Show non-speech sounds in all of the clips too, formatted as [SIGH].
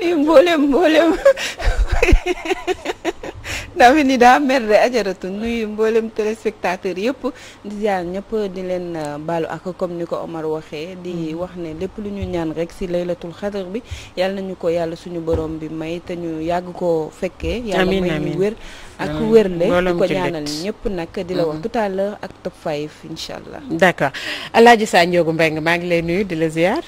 ni mboolem mboolem nawet ni daa mer de ajaratu nuyu mboolem téléspectateur yëpp di jaar ñëpp di leen euh, baalu ak comme ni ko Omar waxee di mm. wax ne lépp lu ñu ñaan rek si laylatul xadar bi yàlla nañu ko yàlla suñu borom bi may te ñu yàgg ko fekkee yàlla may ñu wér ak wérle di ko ñaanal ñëpp nag di la wax mm-hmm. tout à l'heure ak top 5 incha allah d'accord Alaaji Sa Ndiogou Mbengue maa ngi lay nuyu di la ziar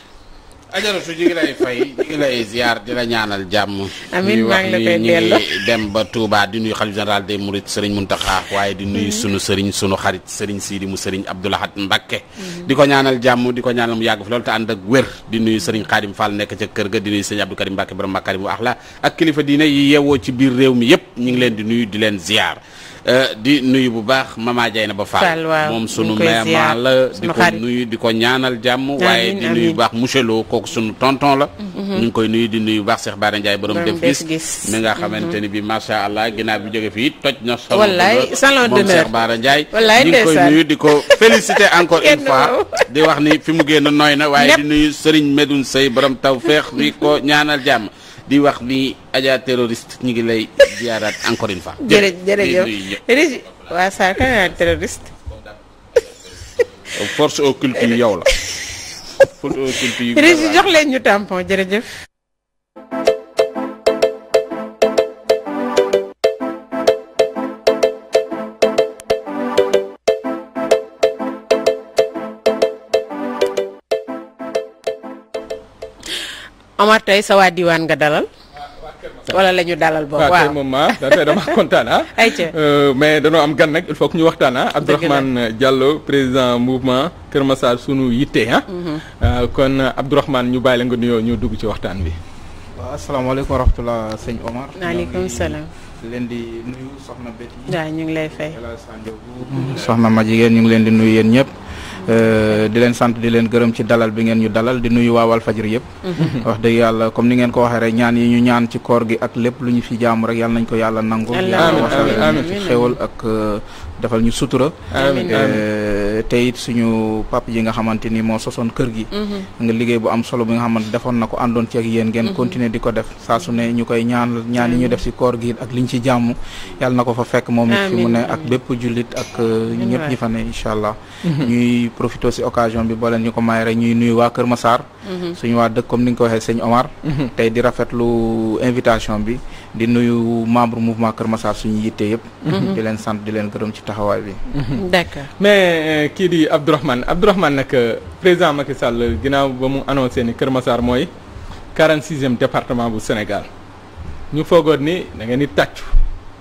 ajaratu ñu ngi lay fay ñu lay ziar di la ñaanal jàmm. amiin maa ngi la koy dellu wax dem ba Touba di nuyu xalifa général des Mourides Serigne Mountakha waaye di nuyu mhm. sunu Serigne sunu xarit Serigne siidi mu Serigne Abdoul Ahad Mbacké. Mhm. di ko ñaanal jàmm di ko ñaanal mu yàgg fi loolu te ànd ak wér di nuyu Serigne Khadim Fall nekk ca kër ga di nuyu Serigne Abdou Karim Mbacké borom Makarimu Axla ak kilifa diine yi ci biir réew mi yëpp ñu ngi leen di nuyu di leen ziar. Euh, di nuyu bu baax na ba Fall moom sunu maman la di ko nuyu di ko ñaanal jàmm waaye di nuyu bu baax monsieur Lo kooku sunu tonton la mhm. ñu ngi koy nuyu di nuyu bu baax Cheikh Bara Ndiaye borom def gis nga mhm. xamante ni bi macha allah ginnaaw bi jóge fii toj na salon d'honneur moom Cheikh nuyu di ko féliciter [LAUGHS] encore une fois di wax ni fi mu génn nooy na waaye di nuyu Serigne Medoune Seye borom tawfeex di ko ñaanal jàmm di wax ni Adja terroriste ñu ngi lay ziaraat encore une fois. [LAUGHS] jërëjëf jërëjëf jërëjëf waa saa kan naan terroriste. force occulte yi yow la. [LAUGHS] force jox leen ñu tampon jërëjëf. Omar tey sa waa diwaan nga dalal. wala la dalal boobu waaw waaw moom ma ah, dafay dama kontaan ah. [LAUGHS] Euh, mais danoo am gan nag il faut que ñu waxtaan ah. Abdourahmane Diallo président mouvement Kër Massar sunu yitte ah. Mhm. Euh, kon Abdourahmane ñu bàyyi la nga nuyoo ñu dugg ci waxtaan bi. waaw asalaamaaleykum wa sëñ Omar. maaleykum salaam. leen di soxna Betty. waaw ñu ngi lay fay. soxna Madjiguène ñu ngi leen di nuyu yéen ñëpp. Euh, di leen sant di leen gërëm ci dalal bi ngeen ñu dalal di nuyu waa Walfadjri yëpp mhm. wax dëgg yàlla comme ni ngeen ko waxee rek ñaan yi ñu ñaan ci koor gi ak lépp lu ñu fi jaamu rek yàlla ko yàlla nangu yàlla wasal ci euh, defal ñu sutura euh, te it suñu pap yi nga xamante ni moo sosoon kër gi mhm. nga liggéey bu am solo bi nga xamante defoon na ko àndoon ci ak yéen ngeen mhm. continuer di ko def saa su ne ñu koy ñaan ñaan yi ñu def si koor gi ak liñ ci jàmm yàlla na ko fa fekk moom nu fi mu ne ak bépp jullit ak ñëpp ñi fa ne incha di profité si occasion bi boo leen ñu ko may ñuy nuyu waa Kër Massar. Mhm. suñu waa dëkk comme ni nga ko waxee sëñ Omar. Mhm. tey di rafetlu invitation bi di nuyu membre mouvement Kër Massar suñu yitte yëpp. Mhm. di leen sant di leen gërëm ci taxawaay bi. d'accord mais euh, kii di Abdourahmane Abdourahmane nag euh, président Macky Sall ginnaaw ba mu annoncé ni Kër Massar mooy 46e département bu Sénégal ñu foogoon ni da ngeen di tàccu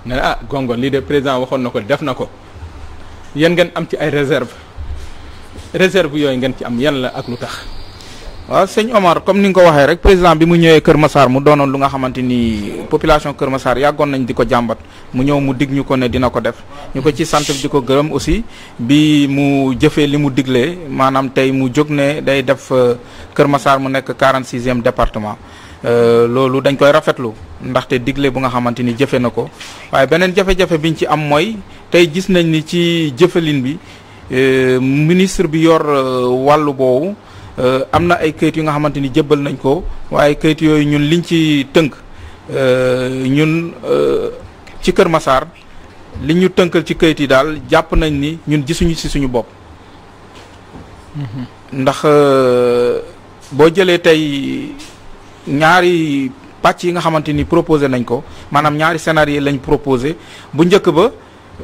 ne ah gongo lii de président waxoon na ko def na ko. yéen ngeen am ci ay réserve réserve yooyu ngeen ci am yan la ak lu tax. waaw sëñ Omar comme ni nga ko waxee rek président bi mu ñëwee Kër Massar mu doonoon nga xamante ni population Kër Massar yàggoon nañ di ko jàmbat mu ñëw mu dig ñu ko ne dina ko def ñu ko ci sant di ko gërëm aussi bi mu jëfee li mu diglee maanaam tey mu jóg ne day def euh, Kër masaar mu nekk 46e département. Euh, loolu dañ koy rafetlu ndaxte digle bu nga xamante ni jëfe na ko waaye beneen jafe-jafe biñ ci am mooy tey gis nañ ni ci jëfalin bi Euh, ministre bi yor euh, wàllu boobu euh, am na ay kayit yu nga xamante ni jébbal nañ ko waaye kayit yooyu ñun liñ ci tënk ñun ci Kër Massar li ñu tënkal ci kayit yi daal jàpp nañ ni ñun gisuñu si suñu bopp. Mm-hmm. ndax boo jëlee tey ñaari pàcc yi nga xamante ni proposé nañ ko maanaam ñaari scénario lañ proposé bu njëkk ba.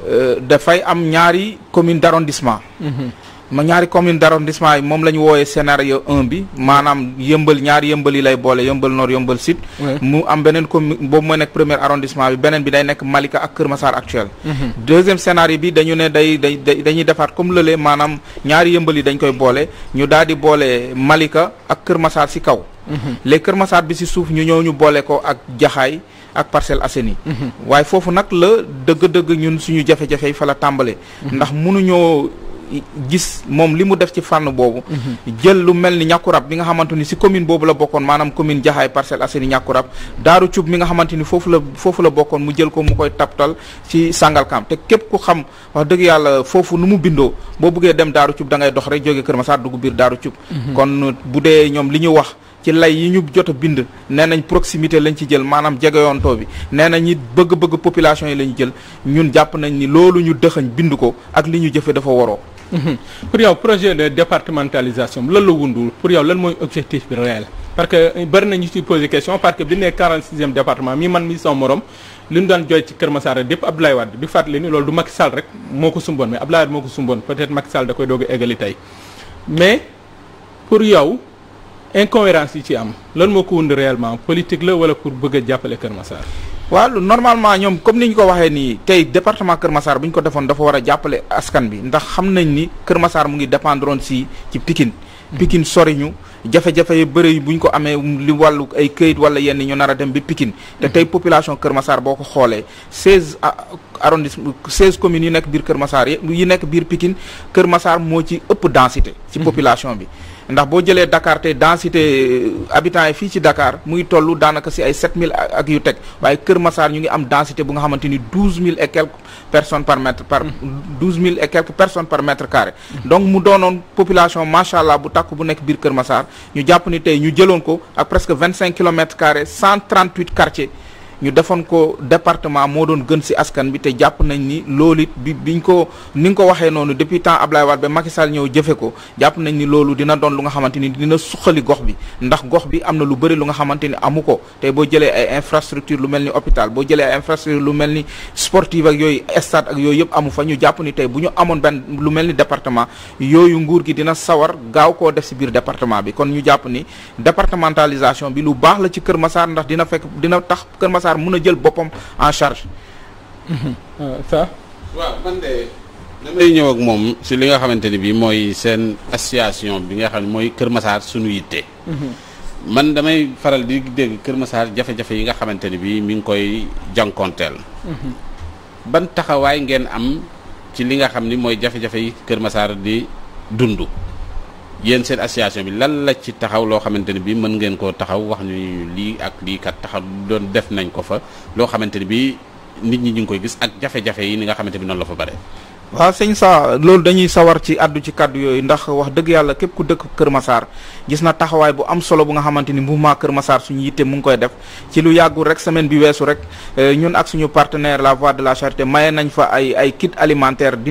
Euh, dafay am ñaari commune d'arrondissement mhm. ma ñaari commune d'arrondissement yi moom la ñu wooyee scénario 1 bi maanaam yëmbal ñaari yëmbal yi lay boole yëmbal nord yëmbal sud mu am beneen commune boobu mooy nekk premier arrondissement bi beneen bi day nekk Malika ak Kër Massar actuel mhm. deuxième scénario bi dañu ne day day dañuy defaat comme lële maanaam ñaari yëmbal yi dañ koy boole ñu daal di boole Malika ak Kër Massar si kaw mhm. les Kër Massar bi si suuf ñu ñëw ak Parcelles Assainies mhm. waaye foofu nag la dëgg-dëgg ñun suñu jafe-jafe fa la tàmbale mhm. ndax mënuñoo gis moom li mu def ci fànn boobu mhm. jël lu mel ni rab bi nga xamante ni si commune boobu la bokkoon maanaam commune jaxaay Parcelles Assainies ñàkkurab daaru cub mi xamante ni foofu la foofu la bokkoon mu jël ko mu koy taptal ci Sangalkam te képp ku xam wax dëgg yàlla foofu nu mu bindoo boo bëggee dem daaru cub da ngay dox rek jóge Kër ma Massar dugg biir daaru cub kon bu dee ñoom li ñu wax ci lay yi ñu jot a bind nee nañ proximité lañ ci jël maanaam jegeyontoo bi nee nañ it bëgg-bëgg population yi lañ jël ñun jàpp nañ ni loolu ñu dëxañ bind ko ak li ñu jëfe dafa waroo mhm. pour yow projet de départementalisation lan la wundu pour yow lan mooy objectif bi réel parce que euh, bari nañu ci posé question parce que bi nekk 46e département mi man mi sama morom li ñu daan jooy ci Kër Masara dépp Abdoulaye Wade di fàttali ni loolu du Macky Sall rek moo ko sumboon mais Abdoulaye Wade moo ko sumboon peut-être Macky Sall da koy doog a eggali mais yow incohérence yi ci am lan moo ko wund réellement politique la wala pour bëgg a jàppale Kër Massar. waaw normalement ñoom comme ni ñu ko waxee nii tey département Kër Massar bu ñu ko defoon dafa war a jàppale askan bi ndax xam nañ ni Kër Massar mu ngi dépendre si ci Pikine. Hmm. Pikine sori ñu jafe-jafe yu bëri bu ñu ko amee li wàllu ay këyit wala yenn ñu nar a dem bi pikin te hmm. tey population Kër Massar boo ko xoolee seize ah, arrondissement seize communes yi nekk biir Kër Massar yi nekk biir Pikine Kër moo ci ëpp densité. ci hmm. population bi. ndax boo jëlee Dakar te densité euh, habitants yi fii ci Dakar muy toll daanaka si ay mille ak yu teg waaye Kër masaar ñu ngi am densité bu nga xamante ni 12000 et quelques personnes par mètre par 12000 mm. et quelques personnes par mètre carré. donc mu doonoon population macha allah bu takk bu nekk biir Kër Massar ñu jàpp ni tey ñu jëloon ko ak presque 25 cent carrés 138 quartiers. ñu defoon ko département moo doon gën si askan bi te jàpp nañ ni loolu it bi biñ ko ni nga ko waxee noonu depuis temps Ablaye Wade ba Macky Sall ñëw jëfe ko jàpp nañ ni loolu dina doon lu nga xamante ni dina suqali gox bi ndax gox bi am na lu bëri lu nga xamante ni amu ko tey boo jëlee ay infrastructure lu mel ni hôpital boo jëlee ay infrastructure lu mel ni sportive ak yooyu stade ak yooyu yëpp amu fa ñu jàpp ni tey bu ñu amoon benn lu mel ni département yooyu nguur gi dina sawar gaaw koo def si biir département bi kon ñu jàpp ni baax la Massar mun a jël boppam en charge. [LAUGHS] ça. waaw man de damay ñëw ak moom si li nga xamante ni bii mooy seen association bi nga xam ne mooy Kër Massar suñu yitte. Mhm. man damay faral di dégg Kër masaar jafe-jafe yi nga xamante ni bii mi ngi koy jànkonteel. Mhm. ban taxawaay ngeen am ci li nga xam ni mooy jafe-jafe yi Kër masaar di dund. yéen seen association bi lan la ci taxaw loo xamante ne bi mën ngeen koo taxaw wax nu ñu lii ak lii kat taxaw doon def nañ ko fa loo xamante ne bi nit ñi ñu ngi koy gis ak jafe-jafe yi ni nga xamante bi noonu la fa bare waaw sëñ sa loolu dañuy sawar ci àddu ci kàddu yooyu ndax wax dëgg yàlla képp ku dëkk Kër Massar gis na taxawaay bu am solo bu nga xamante ni mouvement Kër masaar suñu yitte mu ngi koy def ci lu yàggul rek bi weesu rek euh, ñun ak suñu la voix de la charité maye nañ fa ay ay kit alimentaire di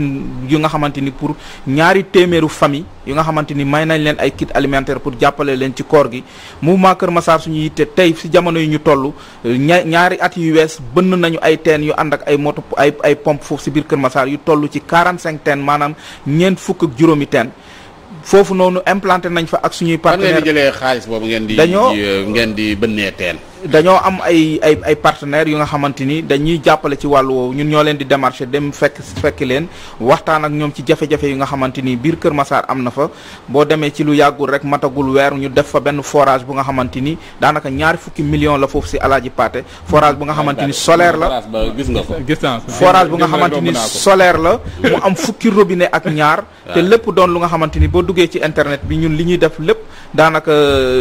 yu nga xamante ni pour ñaari téeméeru famille yu nga xamante ni may nañ leen ay kit alimentaire pour jàppale leen ci koor gi mouvement Kër Massar suñu yitte tey si jamono yi ñu toll euh, ña ñaari at yu wees bënn nañu ay teen yu ànd ak ay moto ay ay pompe foofu si biir Kër Massar yu toll ci quarante cinq teen maanaam ñeent fukk ak juróomi teen foofu noonu implanté nañ fa ak suñuy partenaires fan jëlee xaalis boobu ngeen di. dañoo euh, ngeen di bënnee teen. dañoo am ay ay ay partenaires yu nga xamante ni dañuy jàppale ci wàllu woowu ñun ñoo leen di démarché dem fekk fekki leen waxtaan ak ñoom ci jafe-jafe yu nga xamante ni biir Kër Massar am na fa boo demee ci lu yàggul rek matagul weer ñu def fa benn forage bu nga xamante ni daanaka ñaari fukki million la foofu si alaaji paate forage bu nga xamante ni solaire la gis nga ko forage bu nga xamante ni solaire la mu am fukki robine ak ñaar te lépp doon lu nga xamante ni boo duggee ci internet bi ñun li ñuy def lépp daanaka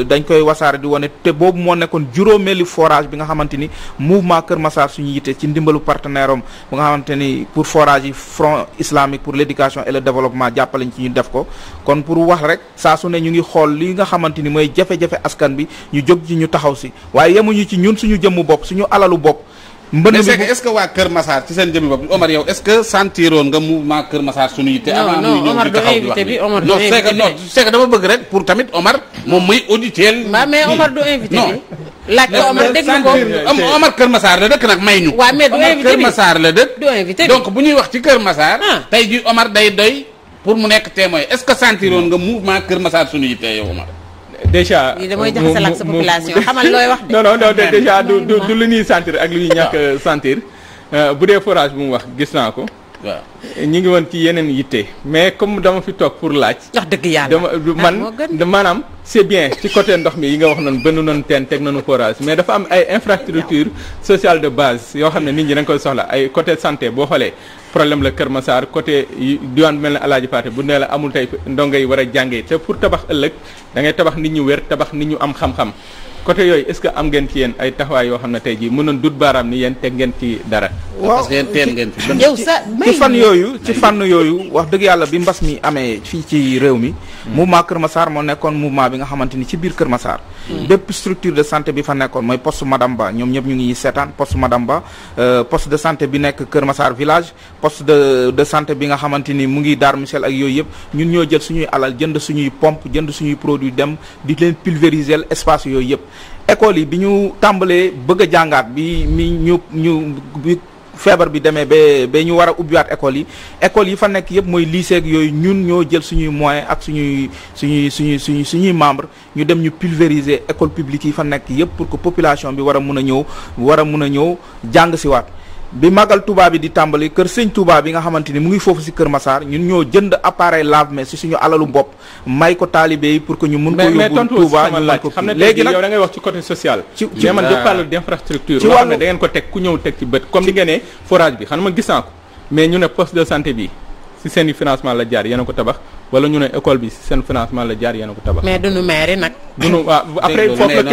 dañ koy wasaare di wane te boobu moo nekkoon ñaareelu forage bi nga xamante ni mouvement Kër Massar suñu yitte ci ndimbalu partenaire am bu nga xamante ni pour forage yi front islamique pour l'éducation et le développement jàppalañ ci ñu def ko kon pour wax rek saa su ne ñu ngi xool li nga xamante ni mooy jafe-jafe askan bi ñu jog ci ñu taxaw si waaye yemuñu ci ñun suñu jëmm bopp suñu alalu bopp mbënd mi est-ce que waa Kër Massar ci seen jëmmi bopp Omar yow est-ce que sentiroon nga mouvement Kër Massar suñu yitte avant ñuy ñëw di taxaw di wax bi non c'est que non c'est que dama bëgg rek pour tamit Omar moom muy auditeel waaw mais Omar du invité non laaj ko Omar déglu ko euh, Omar Kër Massar la dëkk nag may ñu waaw mais du invité Kër Massar la dëkk du invité donc bu ñuy wax ci Kër Massar ah. tey ji Omar day doy pour mu nekk témoin est-ce que sentiroon nga mouvement Kër Massar suñu yitte yow Omar déjà damay jaxasal ak sa population xamal looy wax de. non non non déjà du lu ñuy sentir ak lu ñuy ñàkk sentir euh, bu dee forage bu mu wax gis naa ko. waaw ñu ngi woon ci yeneen yitte mais comme dama fi toog pour laaj. wax dëgg yàlla dama ah, man maanaam. c'est bien ci côté ndox mi yi nga wax noonu bënn noonu teen teg nañu forage mais dafa am ay infrastructure sociale de base yoo xam ne nit ñi dañ koy soxla ay côté santé boo xoolee problème la Kër Massar côté diwaan bi mel ne Alaaji Paate bu nee la amul tey ndongo yi war a jàngee te pour tabax ëllëg dangay ngay tabax nit ñu wér tabax nit ñu am xam-xam. côté yooyu est-ce que am ngeen ci yéen ay taxawaay yoo xam ne tey jii mënoon dut baaraam ni yéen teg ngeen ci dara. waaw yow sa ci fan yooyu ci fànn yooyu wax dëgg yàlla bi mbas mi amee fii ci réew mi. Hmm. mouvement Kër saar moo nekkoon mouvement bi nga xamante ni ci biir Kër Massar. Mm. bépp structure de santé bi fa nekkoon mooy poste madame Ba ñoom ñëpp ñu ngi seetaan poste madame Ba euh, poste de santé bi nekk Kër Massar village poste de de santé bi nga xamante ni mu ngi daar Michel ak yooyu yëpp ñun ñoo jël suñuy alal jënd suñuy pompe jënd suñuy produit dem di leen pulvériser espace yooyu yëpp école yi bi ñu tàmbalee bëgg jàngaat bi mi ñu ñu feebar bi demee ba ba ñu war a ubbiwaat école yi école yi fa nekk yëpp mooy lycée ak yooyu ñun ñoo jël suñuy moyen ak suñuy suñuy suñuy suñuy suñuy membre ñu dem ñu pulvériser école publique yi fa nekk yëpp pour que population bi war a mun a ñëw war a mun a ñëw jàng si waat bi magal Touba bi di tàmbali kër sëñ Touba bi nga xamante ni mu ngi foofu si kër Massar ñun ñoo jënd appareil lave-mains suñu alalu bopp may ko taalibe yi pour que ñu mun ko yóbbu Touba ñu mën ko léegi nag yow wax ci côté social ci mais man xam ne da ngeen ko teg ku ñëw teg ci bët comme li ngeen ne forage bi xam na ma gis ko mais ñu ne poste de santé bi si seen i financement la jaar yéen a ko tabax wala ñu ne école bi si seen financement la jaar yéen a ko tabax. mais duñu maire nag. duñu waaw ah, après foofu la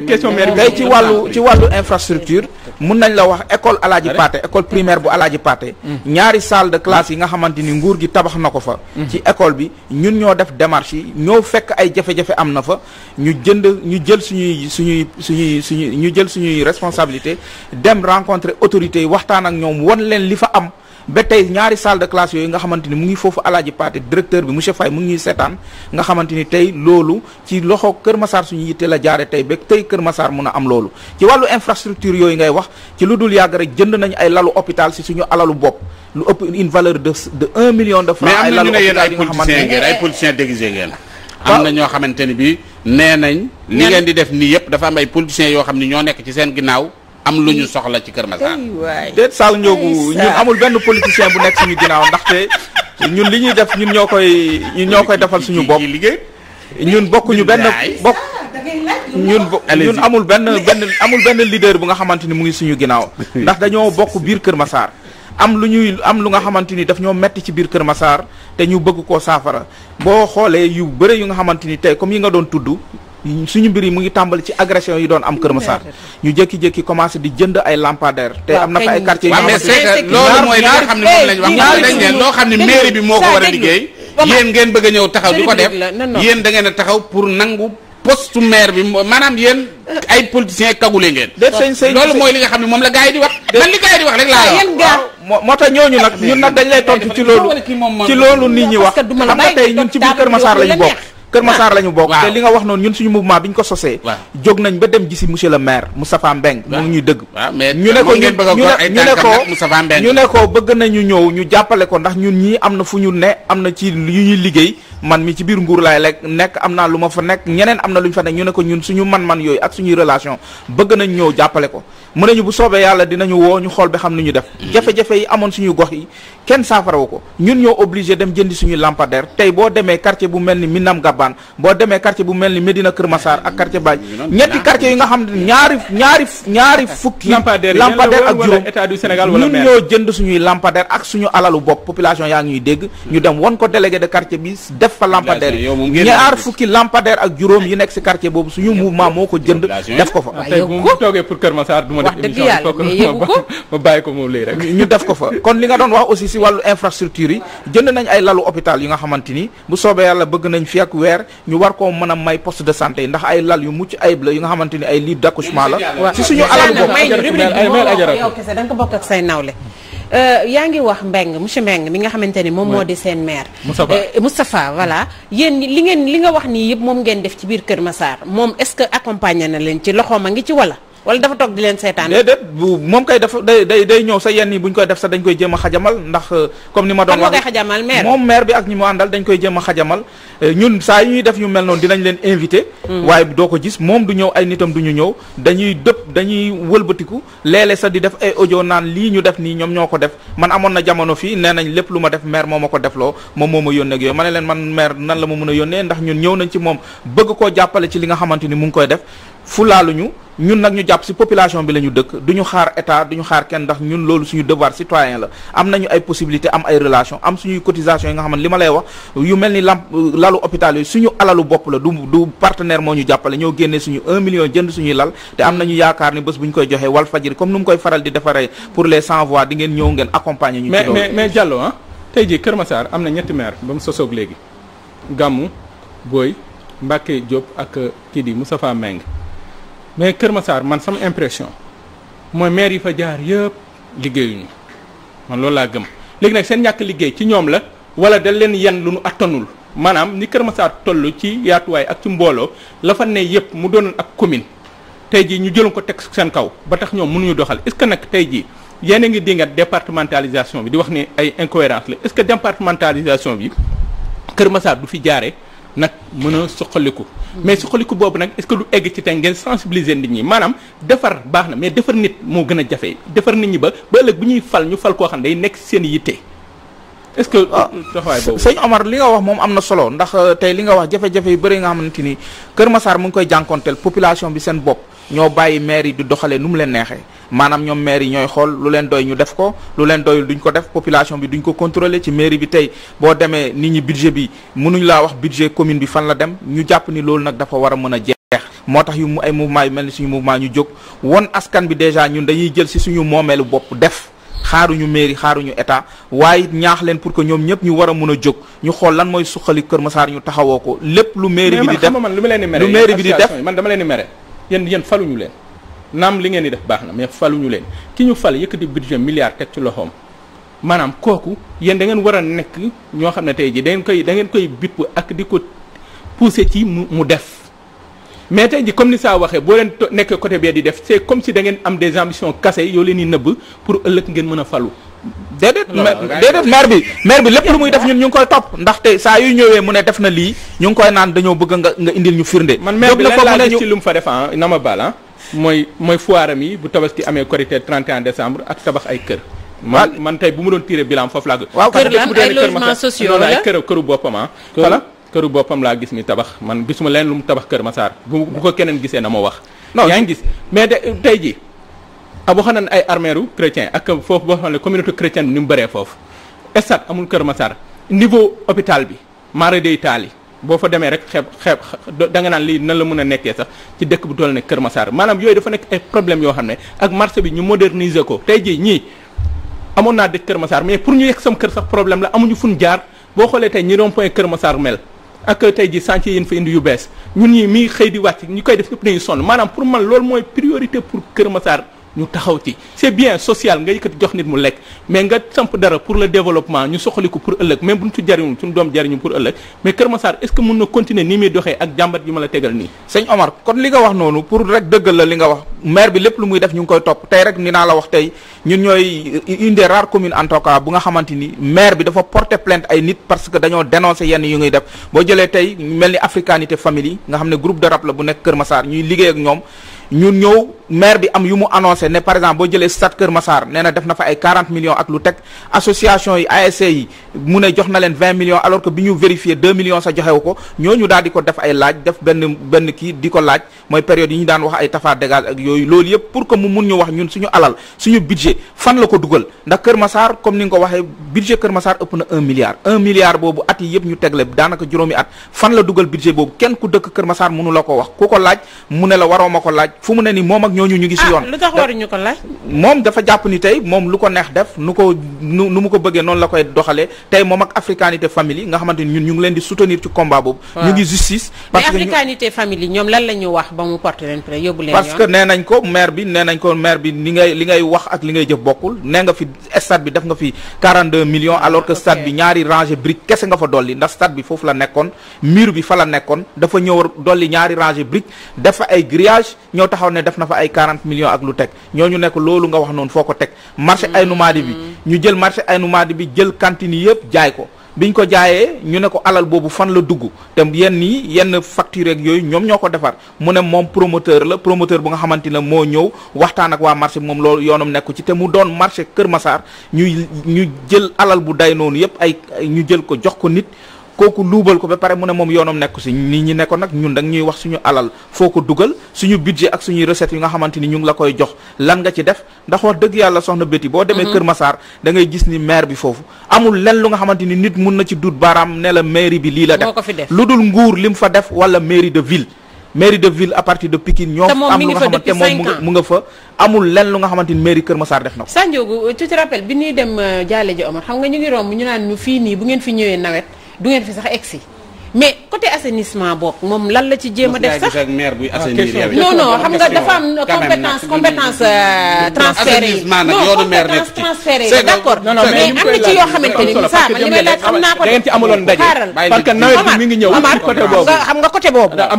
question maire bi ñu ngi mun nañ la wax école alaaji paate école primaire bu alaaji paate mm. ñaari salle de classe yi nga xamante ni nguur gi tabax na ko fa mm. ci école bi ñun ñoo def démarche yi ñoo fekk ay jafe-jafe am na fa ñu jënd ñu jël suñuy suñuy suñuy suñuy ñu jël suñuy responsabilité dem rencontrer autorités yi waxtaan ak ñoom won leen li fa am ba tey ñaari salle de classe yooyu nga xamante ni mu ngi foofu alaaji Paate directeur bi monsieur Faye mu ngi ñuy seetaan nga xamante ni tey loolu ci loxo Kër Massar suñu yitte la jaare tey be tey Kër Massar mun a am loolu ci wàllu infrastructure yooyu ngay wax ci lu dul yàgg rek jënd nañ ay lalu hôpital si suñu alalu bopp lu ëpp une valeur de de un million de francs ay lalu hôpital yi nga xamante ni ay politiciens déguisé ngeen am na ñoo xamante ni bi nee nañ li ngeen di def nii yëpp dafa ay politiciens yoo xam ne ñoo nekk ci seen ginnaaw am lu ñu soxla ci Kër Massar. déet Sall Ndiogou ñun amul benn politicien bu nekk suñu ginnaaw ndaxte ñun li ñuy def ñun ñoo koy ñun ñoo koy defal suñu bopp ñun bokkuñu benn bokk. ñun ñun amul benn benn amul benn leader bu nga xamante ni mu ngi suñu ginnaaw. [LAUGHS] ndax dañoo bokk biir Kër masaar am lu ñuy am lu nga xamante ni daf ñoo metti ci biir Kër Massar te ñu bëgg koo saafara boo xoolee yu bëre yu nga xamante ni tey comme yi nga doon tudd suñu mbir yi mu ngi tàmbali ci agression yi doon am Kër Massar ñu jékki-jékki commencé di jënd ay lampadaire te am na fa ay quartier mais c'est que loolu mooy li nga xam ne moom mairie bi moo ko war a liggéey yéen ngeen bëgg a ñëw taxaw di ko def yéen da ngeen a taxaw pour nangu poste maire bi maanaam yéen ay politiciens kagule ngeen. loolu mooy li nga xam ne moom la gars yi di wax. man li gars yi di wax rek laa ah, wax. moo tax ñooñu nag ñun nag dañ lay tontu ci loolu ci loolu nit ñi wax xam nga tey ñun ci biir Kër Massar lañu bokk. Kër Massar la ñu bokk te li nga wax noonu ñun suñu mouvement bi ñu ko sosee jóg nañ ba dem gisi monsieur le maire Mbeng mu ñuy dëgg ñu ne ko ñu ne ko bëgg nañu ñëw ñu jàppale ko ndax ñun ñi am na fu ñu ne am na ci ñuy liggéey man mi ci biir nguur laay lekk nekk am naa lu ma fa nekk ñeneen am na lu ñu fa nekk ñu ne ko ñun suñu man-man yooyu ak suñuy relation bëgg nañ ñëw jàppale ko mu ne ñu bu soobee yàlla dinañu woo ñu xool ba xam ni ñu def mm. jafe-jafe yi amoon suñuy gox yi kenn saafarawu ko ñun ñoo obligé dem jëndi suñuy lampadaire tey boo demee quartier bu mel ni Minam Gabbaan boo demee quartier bu mel ni Medina Kër ma Massar ak quartier Baaj ñetti quartier yi nga xam ne ñaari ñaari ñaari fukki lampadaire ak juróom ñun ñoo jënd suñuy lampadaire ak suñu alalu bopp population yaa ñuy dégg mm. ñu dem won ko délégué de def fa lampadaire yi ñaar fukki lampadaire ak juróom yi nekk si quartier boobu suñu mouvement moo ko jënd def ko fa tey ko ñu def ko fa kon li nga doon wax aussi si wàllu infrastructure yi jënd nañ ay lalu hôpital yi nga xamante ni bu soobee yàlla bëgg nañ fi weer ñu war koo mën a may poste de santé ndax ay lal yu mucc ayib la yi nga xamante ni ay lits d'accouchement la si suñu alal boobu may ñu rubrique bi yow kese da nga ko bokk ak say nawle Euh, yaa ngi wax Mbeng monsieur Mbeng mi nga xamante ni moom moo di seen maire Moustapha euh, voilà yéen li ngeen li nga wax nii yëpp moom ngeen def ci biir Kër Massar moom est-ce que accompagné na leen ci loxoom a ngi ci wala wala dafa toog di leen seetaan. déedéet bu moom kay dafa day day ñëw sa yenn yi bu ñu koy def sa dañ koy jéem a xajamal ndax euh, comme ni ma doon wax moom maire bi ak ñi mu àndal dañ koy jéem a xajamal euh, ñun saa ñuy def yu mel noonu dinañ leen invité hmm. waaye doo ko gis moom du ñëw ay nitam du ñëw dañuy dëpp dañuy wëlbatiku léeg-léeg di def ay audio naan lii ñu def nii ñoom ñoo ko def man amoon na jamono fii nee nañ lépp lu ma def maire moo ma ko defloo moom moo ma yónnee ak yooyu ma ne leen man maire nan la ma mun a yónnee ndax ñun ñëw nañ ci moom bëgg koo jàppale ci li nga xamante ni mu ngi koy def ñu ñun nag ñu jàpp si population bi la ñu dëkk duñu xaar état duñu xaar kenn ndax ñun loolu suñu devoir citoyen la am nañu ay possibilité am ay relation am suñuy cotisation yi nga xam ne li ma lay wax yu mel ni lamp euh, lalu hôpital yi suñu alalu bopp la du du partenaire moo ñu jàppale ñoo génnee suñu un million jënd suñuy lal te am nañu yaakaar ni bés bu ñu koy joxee wal fajiri comme nu mu koy faral di defaree pour les sans voix di ngeen ñëw ngeen accompagner ñu ci loolu mais mais Diallo ah tey na ñetti maire ba mu sosoog léegi Boy Mbacké Diop ak euh, kii di Moustapha Meng mais Kër Massar man sama impression mooy maire yi fa jaar yëpp liggéeyuñu man loolu laa gëm léegi nag seen ñàkk liggéey ci ñoom la wala da leen yan lu nu attanul maanaam ni Kër Massar toll ci yaatuwaay ak ci mbooloo la fa ne yëpp mu doonoon ak commune tey jii ñu jëloon ko teg seen kaw ba tax ñoom mënuñu doxal est-ce que nag tey jii yéen a ngi dingat départementalisation bi di wax ni ay incohérence la est-ce que départementalisation bi Kër Massar du fi jaare nag mën a suqaliku mais suqaliku boobu nag est-ce que du egg ci te ngeen sensibiliser nit ñi maanaam defar baax na mais defar nit moo gën a jafe defar nit ñi ba ba ëllëg bu ñuy fal ñu fal koo xam ne day nekk seen yitte est-ce que ah, taxawaay boobu sëñ Omar li nga wax moom am na solo ndax euh, tey li nga wax jafe-jafe yu bëri nga xam xamante ni Kër masaar mu ngi koy jànkonteel population bi seen bopp ñoo bàyyi maire yi di doxalee nu mu leen neexee maanaam ñoom maire yi ñooy xool lu leen doy ñu def ko lu leen doyul duñ ko def population bi duñ ko contrôler ci mairie bi tey boo demee nit ñi budget bi mënuñ laa wax budget commune bi fan la dem ñu jàpp ni loolu nag dafa war a mën a jeex moo tax yu mu ay mouvement yu mel ni suñu mouvement ñu jóg won askan bi déjà ñun dañuy jël ci suñu moomeelu bopp def xaaruñu mairie xaaruñu état waaye ñaax leen pour que ñoom ñëpp ñu war a a jóg ñu xool lan mooy suqali Kër Massar ñu taxawoo ko lépp lu mairie bi di def lu dama leen mere yéen yéen faluñu leen naam li ngeen di def baax na mais faluñu leen ki ñu fal yëkkati budget milliard teg ci loxoom maanaam kooku yéen da ngeen war a nekk ñoo xam ne tey jii da koy da ngeen koy bipp ak di ko pousser ci mu mu def. mais tey ji comme ni saa waxee boo leen nekkee coté bee di def c'est comme si da ngeen am des ambitions cassées yoo leen di nëbb pour ëllëg ngeen mën a falu. déedéet maire bi maire bi lépp lu muy def ñun ñu ngi koy topp ndaxte saa yu ñëwee mu ne def na lii ñu ngi koy naan dañoo bëgg nga nga indi ñu firnde man maire bi lan laa gis ci lu mu fa def ah, na ma baal ah mooy mooy foiram yi bu tabaski amee korité 31 décembre ak tabax ay kër man man tey bu ma doon tiré bilan foofu laa gis waaw kër lan ay logements sociaux la ay kër këru boppam ah voilà këru boppam laa gis mi tabax man gisuma leen lu mu tabax kër Massar bu ko keneen gisee na ma wax non yaa ngi gis mais de tey ji ah boo xam ne ay armeeru chrétien ak foofu boo xam ne communauté chrétienne bi ni mu bëree foofu stade amul Kër Massar niveau hôpital bi a nekkee sax ci dëkk bu toll ne Kër Massar maanaam yooyu dafa nekk ay problème yoo xam ne ak marché bi ñu moderniser ko tey jii ñii amoon naa dëkk Kër mais pour ñu yegg sam kër sax problème la amuñu fun jaar boo xoolee tey ñi rond point Kër Massar mel ak tey ji chantier yi ñu fa indi yu bees ñun ñi mii xëy di wàcc ñu koy def ñëpp dañuy sonn maanaam pour man loolu mooy priorité pour Kër Massar ñu taxaw ci c'est bien social nga yëkkati jox nit mu lekk mais nga samp dara pour le développement ñu soxaliku pour ëllëg même bu ñu ci jariñu suñu doom jariñu pour ëllëg mais Kër Massar est-ce que mën na continuer nii muy doxee ak jàmbat yi ma la tegal nii sëñ Omar kon li nga wax noonu pour rek dëggal la li nga wax maire bi lépp lu muy def ñu ngi koy topp tey rek ni naa la wax tey ñun ñooy une des rares communes en tout cas bu nga xamante ni maire bi dafa porter plainte ay parce que dañoo dénoncer yenn yu ngay def boo jëlee tey mel ni africanité famille nga xam ne groupe de rap la nekk Kër Massar ñuy liggéey ak ñoom ñun ñëw maire bi am yu mu annoncé ne par exemple boo jëlee stade Kër Massar nee na def na fa ay 40 millions ak lu teg association yi ASC yi mu ne jox na leen 20 millions alors que bi ñu vérifié 2 millions sa joxewu ko ñooñu daal di ko def ay laaj def benn benn kii di ko laaj mooy période yi ñu daan wax ay tafa dégage ak yooyu loolu yëpp pour que mu mun ñu wax ñun suñu alal suñu budget fan la ko dugal ndax Kër Massar comme ni nga ko waxee budget Kër Massar ëpp na 1 milliard 1 milliard boobu at yi yëpp ñu tegle daanaka juróomi at fan la dugal budget kenn ku dëkk Kër Massar mënu la ko wax ku ko mu ne la waroo ma ko laaj fu mu ne ni moom ak ñooñu ñu ngi si ah, yoon. lu tax waruñu ko laaj. moom dafa jàpp ni tey moom lu ko neex def nu ko nu mu ko bëggee noonu la koy doxalee tey moom ak africanité famille nga xamante ni ñun ñu ngi leen di soutenir ci combat boobu. ñu ngi justice. parce que mais africanité famille ñoom lan ko maire bi nee ko maire bi li ngay li ngay wax ak li ngay jëf bokkul nee nga fi stade bi def nga fi 42 millions. Ah, alors que stade bi ñaari rangée brique kese nga fa dolli ndax stade bi foofu la nekkoon mur bi fa la nekkoon dafa ñëw dolli ñaari rangée brique dafa ay grillage taxaw ne def na fa ay 40 millions ak lu teg ñoo ñu nekk loolu nga wax noonu foo ko teg marché mm. Aynu Maadi bi ñu jël marché Aynu Maadi bi jël cantine yëpp jaay ko bi ñu ko jaayee ñu ne ko alal boobu fan la dugg te yenn yi yenn facture ak yooyu ñoom ñoo ko defar mu ne moom promoteur la promoteur bu nga xamante ne moo ñëw waxtaan ak waa marché bi moom loolu yoonam nekku ci te mu doon marché Kër Massar ñu ñu jël alal bu day noonu yëpp ay ñu jël ko jox ko nit kooku luubal ko ba pare mu ne moom yoonam nekku si nit ñi ne ko nag ñu da ñuy wax suñu alal foo ko dugal suñu budget ak suñuy recettes yi nga xamante ni ñu ngi la koy jox lan nga ci def ndax wax dëgg yàlla soxna Betty boo demee mhm. Kër Massar da ngay gis ni maire bi foofu amul lenn lu nga xamante ni nit mun na ci duut baaraam ne la mairie bi lii la def lu dul nguur mu fa def wala mairie de ville mairie de ville à partir de Pikine ñoo am lu nga xamante moom mu nga fa amul lenn lu nga xamante ni na ko ñuy dem euh, jaale ji ñu ngi ñu naan ñu fii nii bu ngeen fi ñëwee nawet du ngeen fi sax egsi mais côté assainissement bokk moom lan la ci jéem a def sax non non xam nga dafa am compétence compétence transférée yi compétence transférée d'accord mais am na ci yoo xamante ni saa ma xam naa ko de parce que nawet bi mi ngi ñëw Omar xam nga côté boobu moo ko fa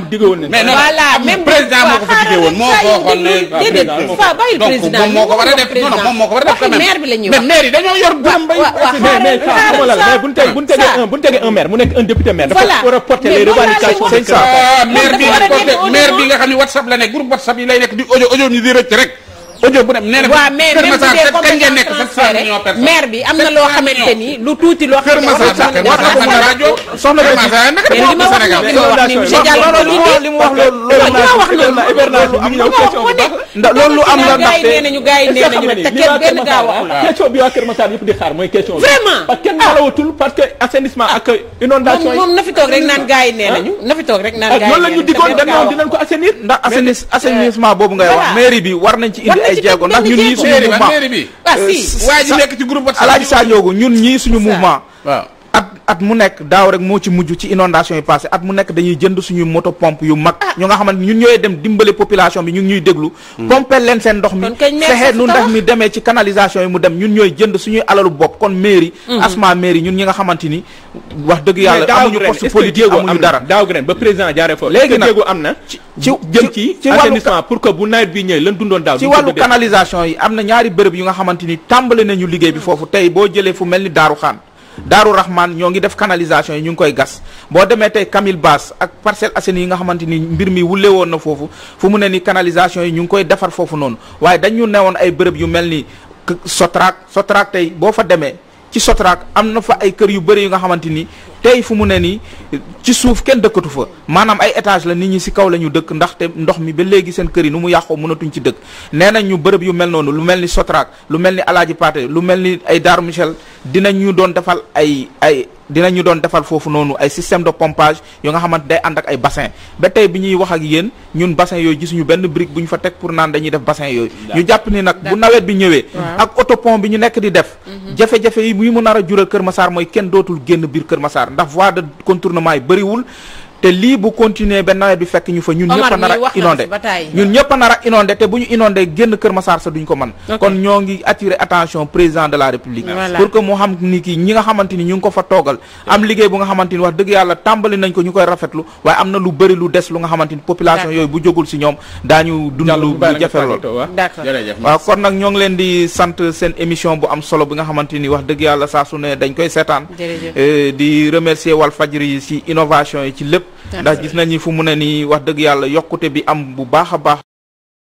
diggee woon moo ko fa bàyyi président moo ko war a def non non moom moo ko war a def maire bi la wax maire dañoo yor dërëm bay mais mais buñ tegee buñ tegee un buñ tegee un maire mu nekk un dafa war a porter les revendications ah, maire bi nga xam ne whatsapp la ne groupe whatsapp yi lay nekk di audio audio ñu di rëcc rek audio bu dem nee na. waaw mais même bu dee compétence transférée maire bi am na loo xamante ni lu tuuti loo xam ne war na ko mën a def. soxna Kër Masar naka li ma wax ni wax loolu lu am la ndaxte nee nañu gars yi nee nañu te kenn benn gaa wax question bi waa Kër Masar yëpp di xaar mooy question bi. vraiment parce que kenn xalawatul parce que assainissement ak inondation yi moom na fi toog rek naan gars yi nee nañu na fi toog rek naan gars yi nee nañu loolu la ñu digoon dañoo dinañ ko assainir ndax assainissement boobu ngay wax mairie bi war nañ ci indi ay jéego ndax ñun ñii suñu mouvement. nekk ci groupe WhatsApp. Alaaji Saniogo ñun ñii suñu mouvement at mu nekk daaw rek moo ci mujj ci inondation yi passé at mu nekk dañuy jënd suñuy moto pompe yu mag ah. ñu nga xamante ñun ñooy dem dimbale population bi ñu ngi ñuy déglu hmm. pompeel leen seen ndox mi demee ci canalisation yi mu dem ñun ñooy jënd suñuy alalu bopp kon mairie hmm. asma mairie ñun ñi nga xamante ni wax dëgg yàlla amuñu poste politique amuñu dara daaw gi président jaaree foofu léegi nag am na ci ci jëm ci pour que bu nawet bi ñëwee lan dundoon daaw ci wàllu canalisation yi am na ñaari bërëb yu nga xamante ni tàmbale nañu liggéey bi foofu tey boo jëlee fu mel ni daaru xaan daaru rahman ñoo ngi def canalisation yi ñu ngi koy gas boo demee tey Camille Basse ak Parcelles Assainies yi nga xamante ni mbir mi wulle woon na foofu fu mu ne ni canalisation yi ñu ngi koy defar foofu noonu waaye dañu newoon ay bërëb yu mel ni Sotrac Sotrac tey boo fa demee ci Sotrac am na fa ay kër yu bëri yu nga xamante ni tey fu mu ne nii ci suuf kenn dëkkatu fa maanaam ay étage la nit ñi si kaw la ñu dëkk ndaxte ndox mi ba léegi seen kër yi nu mu yàqoo mënatuñ ci dëkk nee nañ ñu bërëb yu mel noonu lu mel ni Sotrac lu mel ni Alaaji Paate lu mel ni ay daar Michel dinañ ñu doon defal ay ay dinañ ñu doon defal foofu noonu ay système de pompage yu nga xamante day ànd ak ay bassin ba tey bi ñuy wax ak yéen ñun bassin yooyu gisuñu benn brique bu ñu fa teg pour naan dañuy def bassin yooyu ñu jàpp ni nag nawet bi ñëwee ak autopont bi ñu nekk di def mm-hmm. jafe-jafe yi muy mu nar a jural Kër Massar mooy kenn dootul génn biir Kër Massar ndax voie de contournement yi bëriwul te lii bu continuer ba nawet bi fekk ñu fa ñun ñëpp a nar a ñun ñëpp a nar a inondé te bu ñu inondé génn Kër Massar sa duñ ko man kon ñoo ngi attirer attention président de la république pour que mu xam ni kii ñi nga xamante ni ñu ngi ko fa toogal am liggéey bu nga xamante ni wax dëgg yàlla tàmbali nañ ko ñu koy rafetlu waaye am na lu bëri lu des lu nga xamante ni population yooyu bu jógul si ñoom daañu dund lu jafe lool waaw kon nag ñoo ngi leen di sant seen émission bu am solo bi nga xamante ni wax dëgg yàlla saa ne dañ koy seetaan eh, di remercier Walfadjri si innovation yi ci lépp ndax gis nañu fu mu ne nii wax dëgg yàlla yokkute bi am bu baax a baax